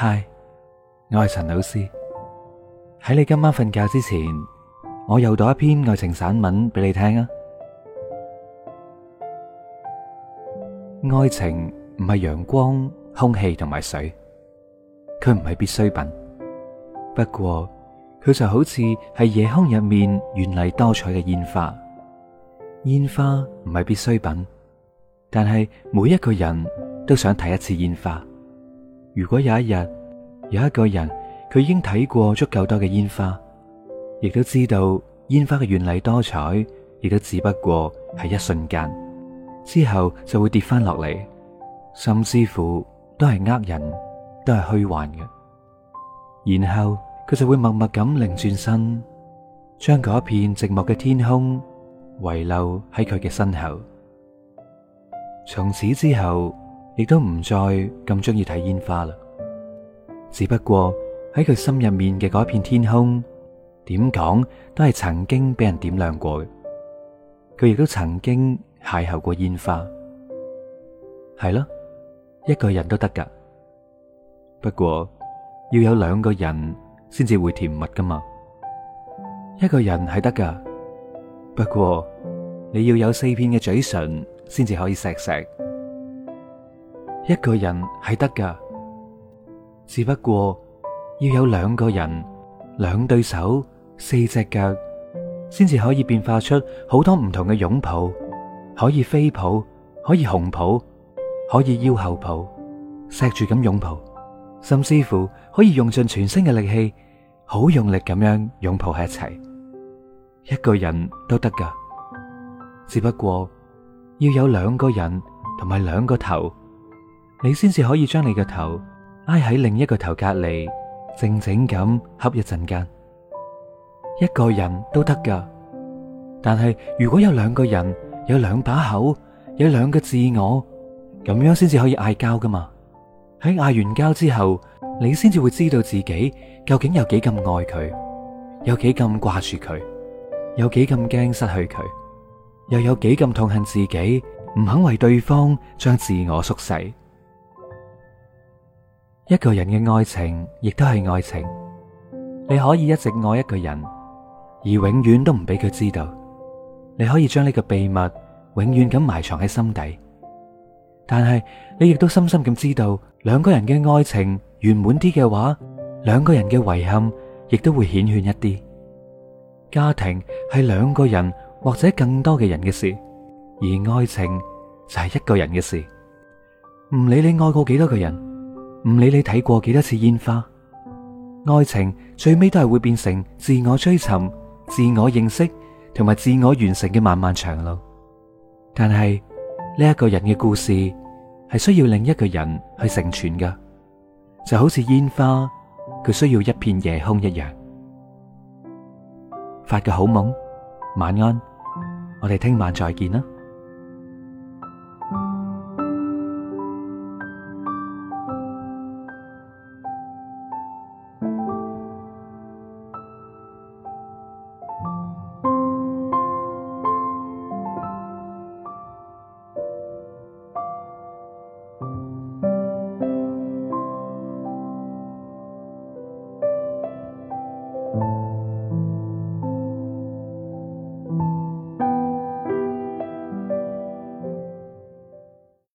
嗨，Hi，我係陳老師。喺你今晚瞓覺之前，我又讀一篇愛情散文俾你聽啊。愛情唔係陽光、空氣同埋水，佢唔係必需品。不過佢就好似係夜空入面絢麗多彩嘅煙花。煙花唔係必需品，但係每一個人都想睇一次煙花。如果有一日有一個人，佢已經睇過足夠多嘅煙花，亦都知道煙花嘅絢麗多彩，亦都只不過係一瞬間，之後就會跌翻落嚟，甚至乎都係呃人，都係虛幻嘅。然後佢就會默默咁擰轉身，將嗰一片寂寞嘅天空遺留喺佢嘅身後，從此之後。亦都唔再咁中意睇煙花啦。只不過喺佢心入面嘅嗰片天空，點講都係曾經俾人點亮過嘅。佢亦都曾經邂逅過煙花，係咯，一個人都得噶。不過要有兩個人先至會甜蜜噶嘛。一個人係得噶，不過你要有四片嘅嘴唇先至可以錫錫。一個人係得噶，只不過要有兩個人，兩對手，四隻腳，先至可以變化出好多唔同嘅擁抱，可以飛抱，可以熊抱，可以腰後抱，錫住咁擁抱，甚至乎可以用盡全身嘅力氣，好用力咁樣擁抱喺一齊。一個人都得噶，只不過要有兩個人同埋兩個頭。你先至可以將你個頭挨喺另一個頭隔籬，靜靜咁恰一陣間。一個人都得噶，但係如果有兩個人有兩把口，有兩個自我，咁樣先至可以嗌交噶嘛？喺嗌完交之後，你先至會知道自己究竟有幾咁愛佢，有幾咁掛住佢，有幾咁驚失去佢，又有幾咁痛恨自己唔肯為對方將自我縮細。一個人嘅愛情亦都係愛情，你可以一直愛一個人，而永遠都唔俾佢知道。你可以將呢個秘密永遠咁埋藏喺心底，但係你亦都深深咁知道，兩個人嘅愛情圓滿啲嘅話，兩個人嘅遺憾亦都會顯現一啲。家庭係兩個人或者更多嘅人嘅事，而愛情就係一個人嘅事。唔理你愛過幾多個人。唔理你睇過幾多次煙花，愛情最尾都係會變成自我追尋、自我認識同埋自我完成嘅漫漫長路。但係呢，一個人嘅故事係需要另一個人去成全㗎，就好似煙花，佢需要一片夜空一樣。發個好夢，晚安，我哋聽晚再見啦。